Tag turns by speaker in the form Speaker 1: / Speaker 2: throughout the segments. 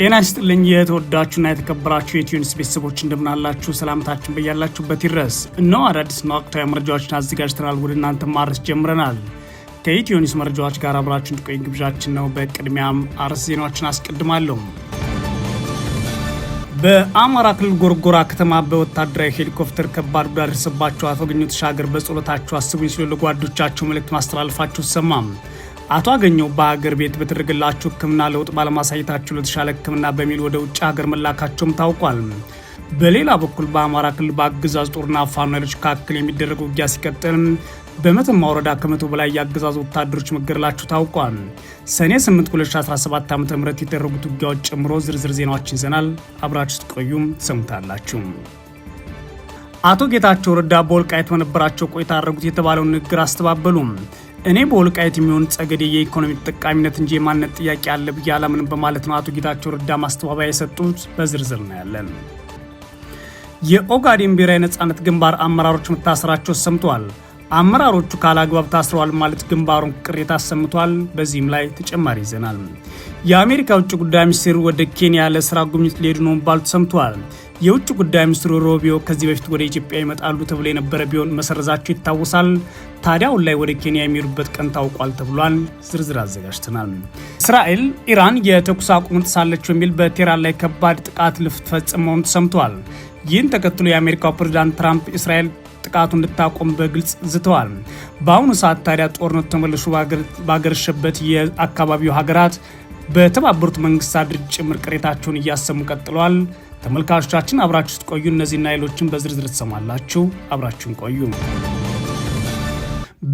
Speaker 1: ጤና ይስጥልኝ የተወዳችሁና የተከበራችሁ የኢትዮኒውስ ቤተሰቦች እንደምናላችሁ፣ ሰላምታችን በያላችሁበት ይድረስ። እነሆ አዳዲስና ወቅታዊ መረጃዎችን አዘጋጅተናል ወደ እናንተ ማድረስ ጀምረናል። ከኢትዮኒስ መረጃዎች ጋር አብራችሁ እንድትቆዩ ግብዣችን ነው። በቅድሚያም አርዕስተ ዜናዎችን አስቀድማለሁ። በአማራ ክልል ጎርጎራ ከተማ በወታደራዊ ሄሊኮፕተር ከባድ ጉዳት ደረሰባቸው አቶ ገኘሁ ተሻገር በጸሎታቸው አስቡኝ ሲሉ ለጓዶቻቸው መልእክት ማስተላለፋቸው ሰማም አቶ አገኘው በሀገር ቤት በተደረገላቸው ህክምና ለውጥ ባለማሳየታቸው ለተሻለ ህክምና በሚል ወደ ውጭ ሀገር መላካቸውም ታውቋል። በሌላ በኩል በአማራ ክልል በአገዛዝ ጦርና ፋኖ ኃይሎች መካከል የሚደረገው ውጊያ ሲቀጥል በመተማ ወረዳ ከመቶ በላይ የአገዛዝ ወታደሮች መገደላቸው ታውቋል። ሰኔ 8 2017 ዓ ም የተደረጉት ውጊያዎች ጨምሮ ዝርዝር ዜናዎችን ይዘናል። አብራችሁ ስትቆዩም ሰሙታላችሁ። አቶ ጌታቸው ረዳ በወልቃይት በነበራቸው ቆይታ አደረጉት የተባለውን ንግግር አስተባበሉም። እኔ በወልቃየት የሚሆን ጸገዴ የኢኮኖሚ ተጠቃሚነት እንጂ የማንነት ጥያቄ አለ ብዬ አላምን በማለት ነው አቶ ጌታቸው ረዳ ማስተባበያ የሰጡት። በዝርዝር እናያለን። የኦጋዴን ብሔራዊ ነጻነት ግንባር አመራሮች መታሰራቸው ሰምተዋል። አመራሮቹ ካላግባብ ታስረዋል ማለት ግንባሩን ቅሬታ አሰምቷል። በዚህም ላይ ተጨማሪ ይዘናል። የአሜሪካ ውጭ ጉዳይ ሚኒስቴር ወደ ኬንያ ለስራ ጉብኝት ሊሄዱ ነው ባሉ ተሰምተዋል። የውጭ ጉዳይ ሚኒስትሩ ሮቢዮ ከዚህ በፊት ወደ ኢትዮጵያ ይመጣሉ ተብሎ የነበረ ቢሆን መሰረዛቸው ይታወሳል። ታዲያ አሁን ላይ ወደ ኬንያ የሚሄዱበት ቀን ታውቋል ተብሏል። ዝርዝር አዘጋጅተናል። እስራኤል ኢራን የተኩስ አቁም ጥሳለች በሚል በቴህራን ላይ ከባድ ጥቃት ልትፈጽም መሆኑ ተሰምተዋል። ይህን ተከትሎ የአሜሪካው ፕሬዚዳንት ትራምፕ እስራኤል ጥቃቱ እንድታቆም በግልጽ ዝተዋል። በአሁኑ ሰዓት ታዲያ ጦርነቱ ተመልሶ ባገረሸበት የአካባቢው ሀገራት በተባበሩት መንግስታት ድርጅት ጭምር ቅሬታቸውን እያሰሙ ቀጥለዋል። ተመልካቾቻችን አብራችሁ ስትቆዩ እነዚህና ሌሎችን በዝርዝር ትሰማላችሁ። አብራችሁን ቆዩ።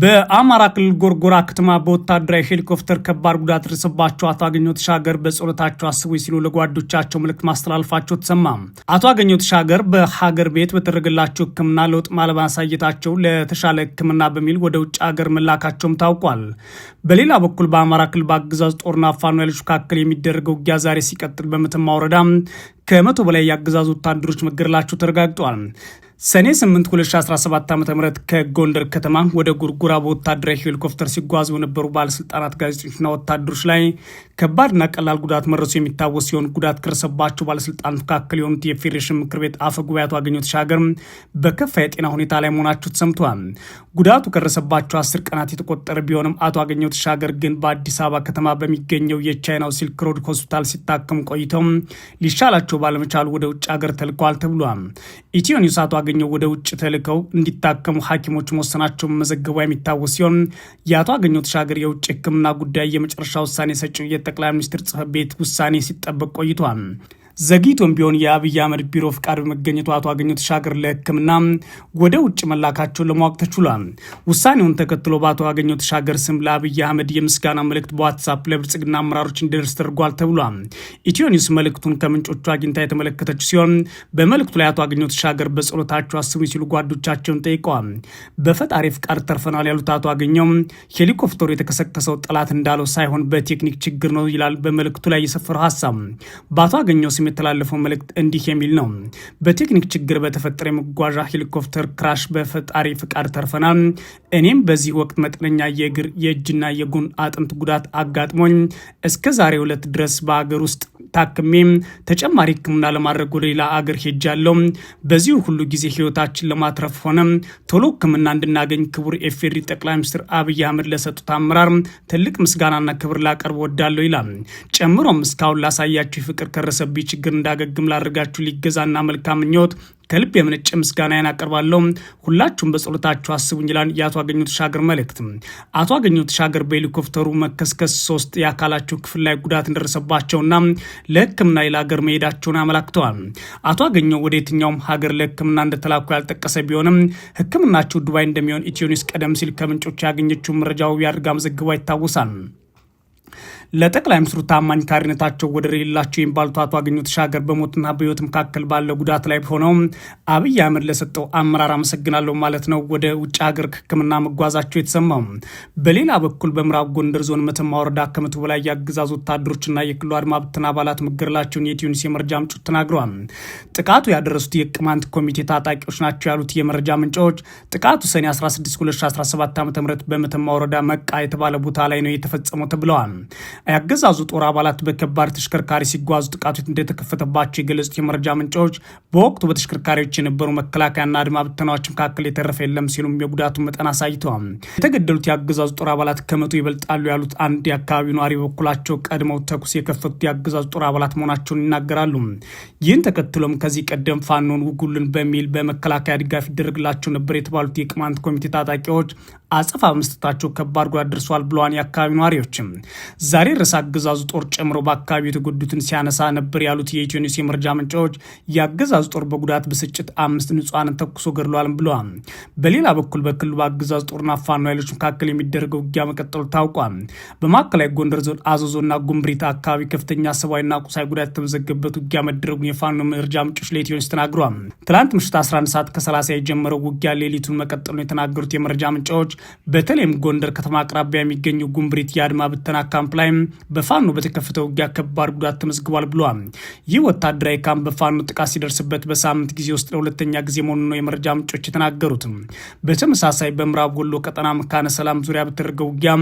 Speaker 1: በአማራ ክልል ጎርጎራ ከተማ በወታደራዊ ሄሊኮፕተር ከባድ ጉዳት ደረሰባቸው አቶ አገኘሁ ተሻገር በጸሎታቸው አስቡኝ ሲሉ ለጓዶቻቸው መልእክት ማስተላለፋቸው ተሰማ። አቶ አገኘሁ ተሻገር በሀገር ቤት በተደረገላቸው ሕክምና ለውጥ ማለማሳየታቸው ለተሻለ ሕክምና በሚል ወደ ውጭ ሀገር መላካቸውም ታውቋል። በሌላ በኩል በአማራ ክልል በአገዛዝ ጦርና ፋኖ ኃይሎች መካከል የሚደረገው ውጊያ ዛሬ ሲቀጥል በመተማ ወረዳ ከመቶ በላይ የአገዛዝ ወታደሮች መገደላቸው ተረጋግጧል። ሰኔ 8 2017 ዓ ም ከጎንደር ከተማ ወደ ጉርጉራ በወታደራዊ ሄሊኮፕተር ሲጓዙ የነበሩ ባለስልጣናት፣ ጋዜጠኞችና ወታደሮች ላይ ከባድና ቀላል ጉዳት መረሱ የሚታወስ ሲሆን ጉዳት ከረሰባቸው ባለስልጣናት መካከል የሆኑት የፌዴሬሽን ምክር ቤት አፈ ጉባኤ አቶ አገኘሁ ተሻገር በከፋ የጤና ሁኔታ ላይ መሆናቸው ተሰምተዋል። ጉዳቱ ከረሰባቸው አስር ቀናት የተቆጠረ ቢሆንም አቶ አገኘሁ ተሻገር ግን በአዲስ አበባ ከተማ በሚገኘው የቻይናው ሲልክ ሮድ ሆስፒታል ሲታከሙ ቆይተው ሊሻላቸው ባለመቻሉ ወደ ውጭ ሀገር ተልከዋል ተብሏል። ኢትዮ ኒውስ አቶ አገኘው ወደ ውጭ ተልከው እንዲታከሙ ሐኪሞች መወሰናቸውን መዘገባ የሚታወስ ሲሆን የአቶ አገኘው ተሻገር የውጭ ሕክምና ጉዳይ የመጨረሻ ውሳኔ ሰጪው የጠቅላይ ሚኒስትር ጽህፈት ቤት ውሳኔ ሲጠበቅ ቆይቷል። ዘግይቶም ቢሆን የአብይ አህመድ ቢሮ ፍቃድ በመገኘቱ አቶ አገኘሁ ተሻገር ለሕክምና ወደ ውጭ መላካቸውን ለማወቅ ተችሏል። ውሳኔውን ተከትሎ በአቶ አገኘሁ ተሻገር ስም ለአብይ አህመድ የምስጋና መልእክት በዋትሳፕ ለብልጽግና አመራሮች እንዲደርስ ተደርጓል ተብሏል። ኢትዮ ኒውስ መልእክቱን ከምንጮቹ አግኝታ የተመለከተች ሲሆን በመልእክቱ ላይ አቶ አገኘሁ ተሻገር በጸሎታቸው አስቡ ሲሉ ጓዶቻቸውን ጠይቀዋል። በፈጣሪ ፍቃድ ተርፈናል ያሉት አቶ አገኘው ሄሊኮፕተሩ የተከሰከሰው ጠላት እንዳለው ሳይሆን በቴክኒክ ችግር ነው ይላል በመልእክቱ ላይ የሰፈረው ሀሳብ በአቶ አገኘሁ የሚተላለፈው መልእክት እንዲህ የሚል ነው። በቴክኒክ ችግር በተፈጠረ የመጓዣ ሄሊኮፕተር ክራሽ በፈጣሪ ፍቃድ ተርፈናል። እኔም በዚህ ወቅት መጠነኛ የእግር የእጅና የጎን አጥንት ጉዳት አጋጥሞኝ እስከ ዛሬ ዕለት ድረስ በሀገር ውስጥ ታክሜ ተጨማሪ ሕክምና ለማድረግ ወደ ሌላ አገር ሄጃለሁ። በዚሁ ሁሉ ጊዜ ህይወታችን ለማትረፍ ሆነ ቶሎ ሕክምና እንድናገኝ ክቡር ኤፌሪ ጠቅላይ ሚኒስትር አብይ አህመድ ለሰጡት አመራር ትልቅ ምስጋናና ክብር ላቀርብ ወዳለሁ ይላል። ጨምሮም እስካሁን ላሳያችሁ ፍቅር ከረሰብኝ ችግር እንዳገግም ላደርጋችሁ ሊገዛና መልካም ምኞት ከልብ የምንጭ ምስጋናዬን አቀርባለሁ። ሁላችሁም በጸሎታችሁ አስቡኝ ይላል የአቶ አገኘሁ ተሻገር መልእክት። አቶ አገኘሁ ተሻገር በሄሊኮፕተሩ መከስከስ ሶስት የአካላቸው ክፍል ላይ ጉዳት እንደደረሰባቸውና ለሕክምና ሌላ ሀገር መሄዳቸውን አመላክተዋል። አቶ አገኘሁ ወደ የትኛውም ሀገር ለሕክምና እንደተላኩ ያልጠቀሰ ቢሆንም ሕክምናቸው ዱባይ እንደሚሆን ኢትዮኒስ ቀደም ሲል ከምንጮች ያገኘችው መረጃ ውቢ አድርጋ መዘግቧ ይታወሳል። ለጠቅላይ ሚኒስትሩ ታማኝ ካሪነታቸው ወደር የሌላቸው የሚባሉት አቶ አገኘሁ ተሻገር በሞትና በህይወት መካከል ባለው ጉዳት ላይ ሆነው አብይ አህመድ ለሰጠው አመራር አመሰግናለሁ ማለት ነው ወደ ውጭ ሀገር ህክምና መጓዛቸው የተሰማው። በሌላ በኩል በምዕራብ ጎንደር ዞን መተማ ወረዳ ከመቶ በላይ የአገዛዝ ወታደሮችና የክልሉ አድማ ብተና አባላት መገደላቸውን የቲዩኒስ የመረጃ ምንጮች ተናግረዋል። ጥቃቱ ያደረሱት የቅማንት ኮሚቴ ታጣቂዎች ናቸው ያሉት የመረጃ ምንጮች ጥቃቱ ሰኔ 16 2017 ዓ ም በመተማ ወረዳ መቃ የተባለ ቦታ ላይ ነው የተፈጸመው ተብለዋል። የአገዛዙ ጦር አባላት በከባድ ተሽከርካሪ ሲጓዙ ጥቃቱ እንደተከፈተባቸው የገለጹት የመረጃ ምንጫዎች በወቅቱ በተሽከርካሪዎች የነበሩ መከላከያና አድማ ብተናዎች መካከል የተረፈ የለም ሲሉም የጉዳቱ መጠን አሳይተዋል። የተገደሉት የአገዛዙ ጦር አባላት ከመቶ ይበልጣሉ ያሉት አንድ የአካባቢው ነዋሪ በበኩላቸው ቀድመው ተኩስ የከፈቱት የአገዛዙ ጦር አባላት መሆናቸውን ይናገራሉ። ይህን ተከትሎም ከዚህ ቀደም ፋኖን ውጉልን በሚል በመከላከያ ድጋፍ ይደረግላቸው ነበር የተባሉት የቅማንት ኮሚቴ ታጣቂዎች አጸፋ መስጠታቸው ከባድ ጉዳት ደርሷል ብለዋን የአካባቢ ነዋሪዎችም ዛሬ ርዕሰ አገዛዙ ጦር ጨምሮ በአካባቢው የተጎዱትን ሲያነሳ ነበር ያሉት የኢትዮ ኒውስ የመረጃ ምንጫዎች የአገዛዙ ጦር በጉዳት ብስጭት አምስት ንጹሐንን ተኩሶ ገድሏል ብለዋል። በሌላ በኩል በክልሉ በአገዛዙ ጦርና ፋኖ ኃይሎች መካከል የሚደረገው ውጊያ መቀጠሉ ታውቋል። በማዕከላዊ ጎንደር ዞን አዘዞና ጉምብሪት አካባቢ ከፍተኛ ሰብአዊና ቁሳዊ ጉዳት የተመዘገበት ውጊያ መደረጉን የፋኖ መረጃ ምንጮች ለኢትዮ ኒውስ ተናግሯል። ትላንት ምሽት 11 ሰዓት ከ30 የጀመረው ውጊያ ሌሊቱን መቀጠሉን የተናገሩት የመረጃ ምንጫዎች በተለይም ጎንደር ከተማ አቅራቢያ የሚገኘው ጉምብሪት የአድማ ብተና ካምፕ ላይ ላይም በፋኖ በተከፈተው ውጊያ ከባድ ጉዳት ተመዝግቧል ብሏል። ይህ ወታደራዊ ካምፕ በፋኖ ጥቃት ሲደርስበት በሳምንት ጊዜ ውስጥ ለሁለተኛ ጊዜ መሆኑ ነው የመረጃ ምንጮች የተናገሩት። በተመሳሳይ በምዕራብ ወሎ ቀጠና መካነ ሰላም ዙሪያ በተደረገው ውጊያ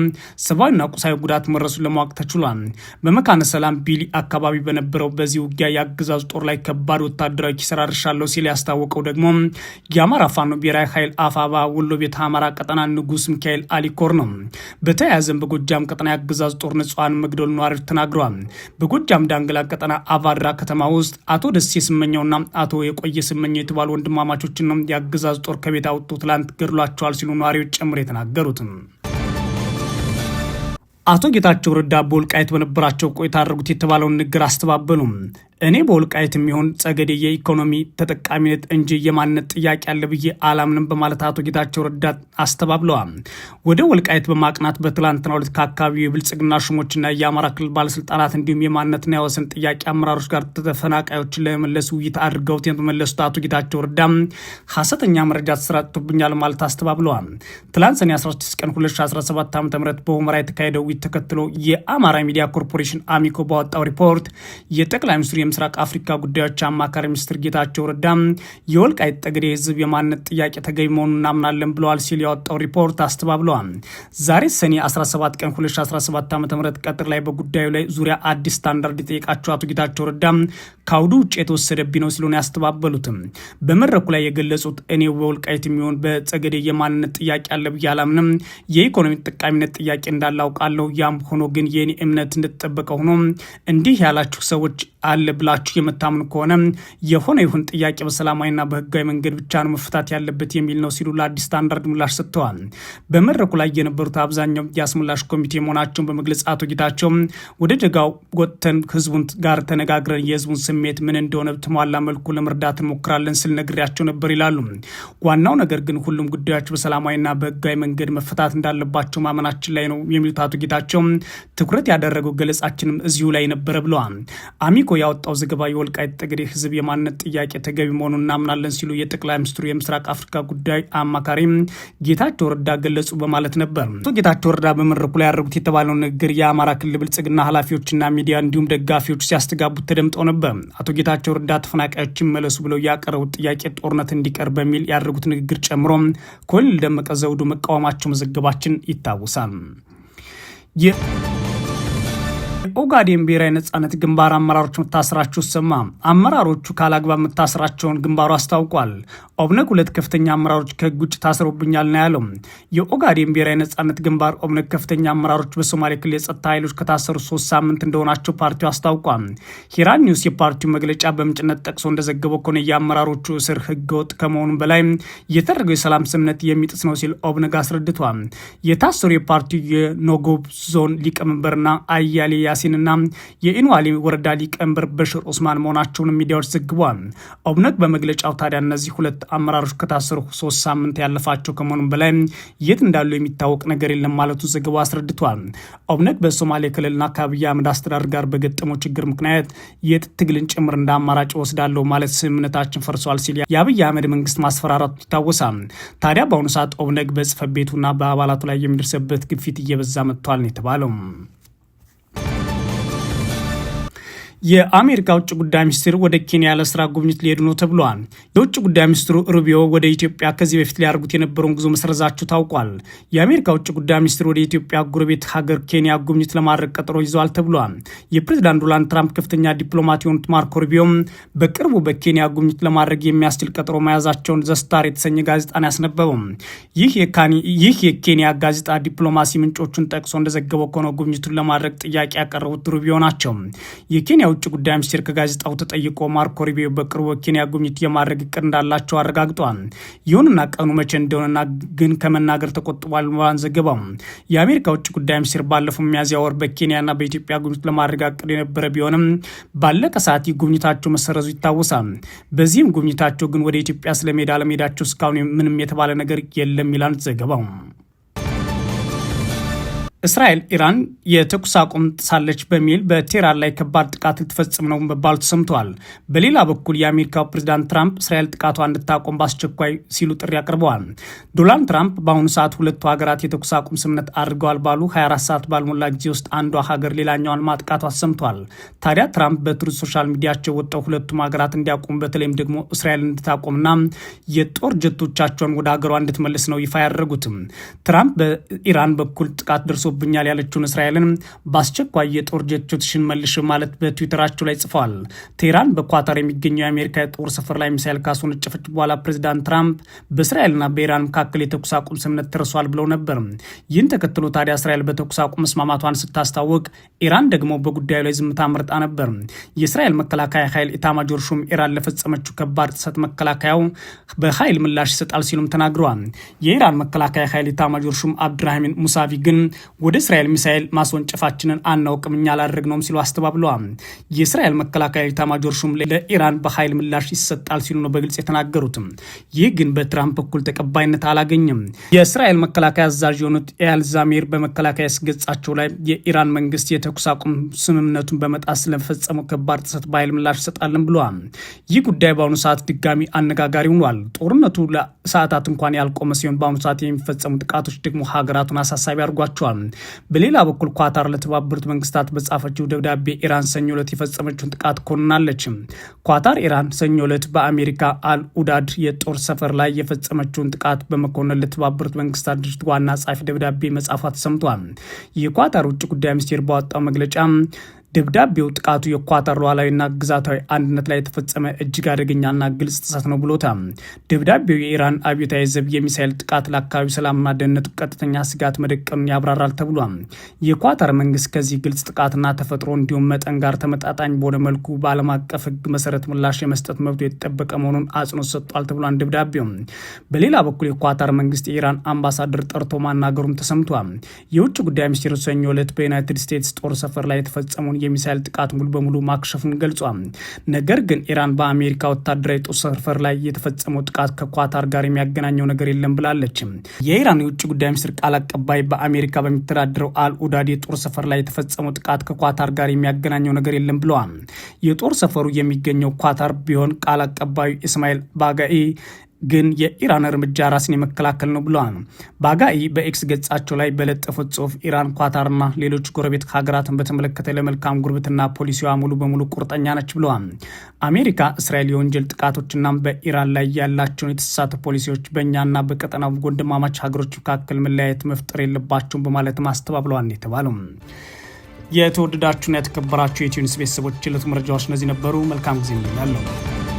Speaker 1: ሰብአዊና ቁሳዊ ጉዳት መድረሱን ለማወቅ ተችሏል። በመካነ ሰላም ቢሊ አካባቢ በነበረው በዚህ ውጊያ የአገዛዙ ጦር ላይ ከባድ ወታደራዊ ኪሳራ አድርሻለሁ ሲል ያስታወቀው ደግሞ የአማራ ፋኖ ብሔራዊ ኃይል አፋባ ወሎ ቤት አማራ ቀጠና ንጉስ ሚካኤል አሊኮር ነው። በተያያዘም በጎጃም ቀጠና የአገዛዙ ጦር ነጽ ንጹሐን መግደሉ ነዋሪዎች ተናግረዋል። በጎጃም ዳንግላ ቀጠና አቫድራ ከተማ ውስጥ አቶ ደሴ ስመኘውና አቶ የቆየ ስመኘው የተባሉ ወንድማማቾችን ነው የአገዛዝ ጦር ከቤት አውጥቶ ትላንት ገድሏቸዋል ሲሉ ነዋሪዎች ጨምሮ የተናገሩት። አቶ ጌታቸው ረዳ በወልቃይት በነበራቸው ቆይታ አድርጉት የተባለውን ንግግር አስተባበሉም። እኔ በወልቃይት የሚሆን ጸገዴ የኢኮኖሚ ተጠቃሚነት እንጂ የማንነት ጥያቄ ያለ ብዬ አላምንም በማለት አቶ ጌታቸው ረዳት አስተባብለዋል። ወደ ወልቃይት በማቅናት በትላንትናው ዕለት ከአካባቢው የብልጽግና ሹሞችና የአማራ ክልል ባለስልጣናት እንዲሁም የማንነትና የወሰን ጥያቄ አመራሮች ጋር ተፈናቃዮችን ለመመለስ ውይይት አድርገውት የተመለሱት አቶ ጌታቸው ረዳ ሀሰተኛ መረጃ ተሰራጭቶብኛል ማለት አስተባብለዋል። ትላንት ሰኔ 16 ቀን 2017 ዓ ም በሁመራ የተካሄደው ውይይት ተከትሎ የአማራ ሚዲያ ኮርፖሬሽን አሚኮ ባወጣው ሪፖርት የጠቅላይ ሚኒስትሩ የምስራቅ አፍሪካ ጉዳዮች አማካሪ ሚኒስትር ጌታቸው ረዳ የወልቃይት ጠገዴ ህዝብ የማንነት ጥያቄ ተገቢ መሆኑን እናምናለን ብለዋል ሲል ያወጣው ሪፖርት አስተባብለዋል። ዛሬ ሰኔ 17 ቀን 2017 ዓ ም ቀጥር ላይ በጉዳዩ ላይ ዙሪያ አዲስ ስታንዳርድ የጠየቃቸው አቶ ጌታቸው ረዳ ከአውዱ ውጭ የተወሰደብኝ ነው ሲሉን ያስተባበሉትም በመድረኩ ላይ የገለጹት እኔ በወልቃይት የሚሆን በጸገዴ የማንነት ጥያቄ አለ ብዬ አላምንም። የኢኮኖሚ ጠቃሚነት ጥያቄ እንዳላውቃለሁ። ያም ሆኖ ግን የኔ እምነት እንደተጠበቀ ሆኖ እንዲህ ያላችሁ ሰዎች አለ ብላችሁ የምታምኑ ከሆነ የሆነ ይሁን ጥያቄ በሰላማዊና በህጋዊ መንገድ ብቻ ነው መፍታት ያለበት የሚል ነው ሲሉ ለአዲስ ስታንዳርድ ምላሽ ሰጥተዋል። በመድረኩ ላይ የነበሩት አብዛኛው የአስመላሽ ኮሚቴ መሆናቸውን በመግለጽ አቶ ጌታቸው ወደ ደጋው ወጥተን ህዝቡን ጋር ተነጋግረን የህዝቡን ስሜት ምን እንደሆነ በተሟላ መልኩ ለመርዳት እንሞክራለን ስል ነግሬያቸው ነበር ይላሉ። ዋናው ነገር ግን ሁሉም ጉዳዮች በሰላማዊና በህጋዊ መንገድ መፈታት እንዳለባቸው ማመናችን ላይ ነው የሚሉት አቶ ጌታቸው ትኩረት ያደረገው ገለጻችንም እዚሁ ላይ ነበረ ብለዋል። አሚኮ ኢዜማኮ ያወጣው ዘገባ የወልቃይት ጠገዴ ህዝብ የማንነት ጥያቄ ተገቢ መሆኑን እናምናለን ሲሉ የጠቅላይ ሚኒስትሩ የምስራቅ አፍሪካ ጉዳይ አማካሪ ጌታቸው ረዳ ገለጹ በማለት ነበር። አቶ ጌታቸው ረዳ በመድረኩ ላይ ያደረጉት የተባለው ንግግር የአማራ ክልል ብልጽግና ኃላፊዎችና ሚዲያ እንዲሁም ደጋፊዎች ሲያስተጋቡት ተደምጠው ነበር። አቶ ጌታቸው ረዳ ተፈናቃዮች ይመለሱ ብለው ያቀረቡት ጥያቄ ጦርነት እንዲቀር በሚል ያደረጉት ንግግር ጨምሮ ኮሎኔል ደመቀ ዘውዱ መቃወማቸው መዘገባችን ይታወሳል። ኦጋዴን ብሔራዊ ነጻነት ግንባር አመራሮች መታሰራቸው ሰማ። አመራሮቹ ካላግባብ መታሰራቸውን ግንባሩ አስታውቋል። ኦብነግ ሁለት ከፍተኛ አመራሮች ከህግ ውጭ ታስረውብኛል ነው ያለው። የኦጋዴን ብሔራዊ ነጻነት ግንባር ኦብነግ ከፍተኛ አመራሮች በሶማሌ ክልል የጸጥታ ኃይሎች ከታሰሩ ሶስት ሳምንት እንደሆናቸው ፓርቲው አስታውቋል። ሂራን ኒውስ የፓርቲው መግለጫ በምንጭነት ጠቅሶ እንደዘገበው ከሆነ የአመራሮቹ እስር ወጥ ከመሆኑ በላይ የተደረገው የሰላም ስምምነት የሚጥስ ነው ሲል ኦብነግ አስረድቷል። የታሰሩ የፓርቲው የኖጎብ ዞን ሊቀመንበርና አያሌ ያሲንና የኢንዋሌ ወረዳ ሊቀመንበር በሽር ኦስማን መሆናቸውን ሚዲያዎች ዘግቧል። ኦብነግ በመግለጫው ታዲያ እነዚህ ሁለት አመራሮች ከታሰሩ ሶስት ሳምንት ያለፋቸው ከመሆኑም በላይ የት እንዳሉ የሚታወቅ ነገር የለም ማለቱ ዘገባ አስረድቷል። ኦብነግ በሶማሌ ክልልና ከአብይ አህመድ አስተዳደር ጋር በገጠመው ችግር ምክንያት የት ትግልን ጭምር እንደ አማራጭ ወስዳለሁ ማለት ስምምነታችን ፈርሷል ሲል የአብይ አህመድ መንግስት ማስፈራራቱ ይታወሳል። ታዲያ በአሁኑ ሰዓት ኦብነግ በጽህፈት ቤቱና በአባላቱ ላይ የሚደርሰበት ግፊት እየበዛ መጥቷል ነው የተባለው። የአሜሪካ ውጭ ጉዳይ ሚኒስትር ወደ ኬንያ ለስራ ጉብኝት ሊሄዱ ነው ተብሏል። የውጭ ጉዳይ ሚኒስትሩ ሩቢዮ ወደ ኢትዮጵያ ከዚህ በፊት ሊያደርጉት የነበረውን ጉዞ መሰረዛቸው ታውቋል። የአሜሪካ ውጭ ጉዳይ ሚኒስትር ወደ ኢትዮጵያ ጎረቤት ሀገር ኬንያ ጉብኝት ለማድረግ ቀጠሮ ይዘዋል ተብሏል። የፕሬዚዳንት ዶናልድ ትራምፕ ከፍተኛ ዲፕሎማት የሆኑት ማርኮ ሩቢዮም በቅርቡ በኬንያ ጉብኝት ለማድረግ የሚያስችል ቀጠሮ መያዛቸውን ዘስታር የተሰኘ ጋዜጣን ያስነበበው ይህ የኬንያ ጋዜጣ ዲፕሎማሲ ምንጮቹን ጠቅሶ እንደዘገበው ከሆነ ጉብኝቱን ለማድረግ ጥያቄ ያቀረቡት ሩቢዮ ናቸው። የኬንያ ውጭ ጉዳይ ሚኒስቴር ከጋዜጣው ተጠይቆ ማርኮ ሩቢዮ በቅርቡ ኬንያ ጉብኝት የማድረግ እቅድ እንዳላቸው አረጋግጧል። ይሁንና ቀኑ መቼ እንደሆነና ግን ከመናገር ተቆጥቧል። ባን ዘገባው የአሜሪካ ውጭ ጉዳይ ሚኒስቴር ባለፈው ሚያዝያ ወር በኬንያና በኢትዮጵያ ጉብኝት ለማድረግ እቅድ የነበረ ቢሆንም ባለቀ ሰዓት ጉብኝታቸው መሰረዙ ይታወሳል። በዚህም ጉብኝታቸው ግን ወደ ኢትዮጵያ ስለመሄድ አለመሄዳቸው እስካሁን ምንም የተባለ ነገር የለም ይላል ዘገባው። እስራኤል ኢራን የተኩስ አቁም ጥሳለች በሚል በቴህራን ላይ ከባድ ጥቃት ልትፈጽም ነው መባሉ ተሰምተዋል። በሌላ በኩል የአሜሪካው ፕሬዚዳንት ትራምፕ እስራኤል ጥቃቷ እንድታቆም በአስቸኳይ ሲሉ ጥሪ አቅርበዋል። ዶናልድ ትራምፕ በአሁኑ ሰዓት ሁለቱ ሀገራት የተኩስ አቁም ስምነት አድርገዋል ባሉ 24 ሰዓት ባልሞላ ጊዜ ውስጥ አንዷ ሀገር ሌላኛዋን ማጥቃቷ ተሰምተዋል። ታዲያ ትራምፕ በትሩዝ ሶሻል ሚዲያቸው ወጥተው ሁለቱም ሀገራት እንዲያቆሙ በተለይም ደግሞ እስራኤል እንድታቆምና የጦር ጀቶቻቸውን ወደ ሀገሯ እንድትመልስ ነው ይፋ ያደረጉትም። ትራምፕ በኢራን በኩል ጥቃት ደርሶ ደርሶብኛል ያለችውን እስራኤልን በአስቸኳይ የጦር ጀቶችሽን መልሽ ማለት በትዊተራቸው ላይ ጽፈዋል። ቴህራን በኳታር የሚገኘው የአሜሪካ የጦር ሰፈር ላይ ሚሳይል ካስወነጨፈች በኋላ ፕሬዚዳንት ትራምፕ በእስራኤልና በኢራን መካከል የተኩስ አቁም ስምነት ተርሷል ብለው ነበር። ይህን ተከትሎ ታዲያ እስራኤል በተኩስ አቁም መስማማቷን ስታስታወቅ ኢራን ደግሞ በጉዳዩ ላይ ዝምታ መርጣ ነበር። የእስራኤል መከላከያ ኃይል ኢታማጆር ሹም ኢራን ለፈጸመችው ከባድ ጥሰት መከላከያው በኃይል ምላሽ ይሰጣል ሲሉም ተናግረዋል። የኢራን መከላከያ ኃይል ኢታማጆር ሹም አብድራሂም ሙሳቪ ግን ወደ እስራኤል ሚሳኤል ማስወንጨፋችንን አናውቅም እኛ አላደረግነውም ሲሉ አስተባብለዋል። የእስራኤል መከላከያ ኤታማዦር ሹም ለኢራን በኃይል ምላሽ ይሰጣል ሲሉ ነው በግልጽ የተናገሩትም። ይህ ግን በትራምፕ በኩል ተቀባይነት አላገኘም። የእስራኤል መከላከያ አዛዥ የሆኑት ኤያል ዛሚር በመከላከያ ገጻቸው ላይ የኢራን መንግስት የተኩስ አቁም ስምምነቱን በመጣስ ስለፈጸመው ከባድ ጥሰት በኃይል ምላሽ ይሰጣለን ብለዋል። ይህ ጉዳይ በአሁኑ ሰዓት ድጋሚ አነጋጋሪ ሆኗል። ጦርነቱ ለሰዓታት እንኳን ያልቆመ ሲሆን በአሁኑ ሰዓት የሚፈጸሙ ጥቃቶች ደግሞ ሀገራቱን አሳሳቢ አድርጓቸዋል። በሌላ በኩል ኳታር ለተባበሩት መንግስታት በጻፈችው ደብዳቤ ኢራን ሰኞ ዕለት የፈጸመችውን ጥቃት ኮንናለች። ኳታር ኢራን ሰኞ ዕለት በአሜሪካ አልኡዳድ የጦር ሰፈር ላይ የፈጸመችውን ጥቃት በመኮነን ለተባበሩት መንግስታት ድርጅት ዋና ጻፊ ደብዳቤ መጻፏ ተሰምቷል። የኳታር ውጭ ጉዳይ ሚኒስቴር ባወጣው መግለጫ ደብዳቤው ጥቃቱ የኳታር ሉዓላዊና ግዛታዊ አንድነት ላይ የተፈጸመ እጅግ አደገኛና ግልጽ ጥሰት ነው ብሎታል። ደብዳቤው የኢራን አብዮታዊ ዘብ የሚሳይል ጥቃት ለአካባቢው ሰላምና ደህንነት ቀጥተኛ ስጋት መደቀኑን ያብራራል ተብሏል። የኳታር መንግስት ከዚህ ግልጽ ጥቃትና ተፈጥሮ እንዲሁም መጠን ጋር ተመጣጣኝ በሆነ መልኩ በዓለም አቀፍ ሕግ መሰረት ምላሽ የመስጠት መብቱ የተጠበቀ መሆኑን አጽንኦት ሰጥቷል ተብሏል ደብዳቤው። በሌላ በኩል የኳታር መንግስት የኢራን አምባሳደር ጠርቶ ማናገሩም ተሰምቷል። የውጭ ጉዳይ ሚኒስቴር ሰኞ ዕለት በዩናይትድ ስቴትስ ጦር ሰፈር ላይ የተፈጸመውን የሚሳይል ጥቃት ሙሉ በሙሉ ማክሸፉን ገልጿል። ነገር ግን ኢራን በአሜሪካ ወታደራዊ ጦር ሰፈር ላይ የተፈጸመው ጥቃት ከኳታር ጋር የሚያገናኘው ነገር የለም ብላለች። የኢራን የውጭ ጉዳይ ሚኒስትር ቃል አቀባይ በአሜሪካ በሚተዳደረው አል ኡዳድ የጦር ሰፈር ላይ የተፈጸመው ጥቃት ከኳታር ጋር የሚያገናኘው ነገር የለም ብለዋል። የጦር ሰፈሩ የሚገኘው ኳታር ቢሆን ቃል አቀባዩ ኢስማኤል ባጋኤ ግን የኢራን እርምጃ ራስን የመከላከል ነው ብለዋል። ባጋይ በኤክስ ገጻቸው ላይ በለጠፉት ጽሁፍ ኢራን፣ ኳታርና ሌሎች ጎረቤት ሀገራትን በተመለከተ ለመልካም ጉርብትና ፖሊሲዋ ሙሉ በሙሉ ቁርጠኛ ነች ብለዋል። አሜሪካ እስራኤል የወንጀል ጥቃቶችና በኢራን ላይ ያላቸውን የተሳሳተ ፖሊሲዎች በእኛና በቀጠናው ወንድማማች ሀገሮች መካከል መለያየት መፍጠር የለባቸውም በማለትም አስተባብለዋል የተባሉ የተወደዳችሁና የተከበራችሁ የኢትዮ ኒውስ ቤተሰቦች ዕለቱ መረጃዎች እነዚህ ነበሩ። መልካም ጊዜ እንላለን።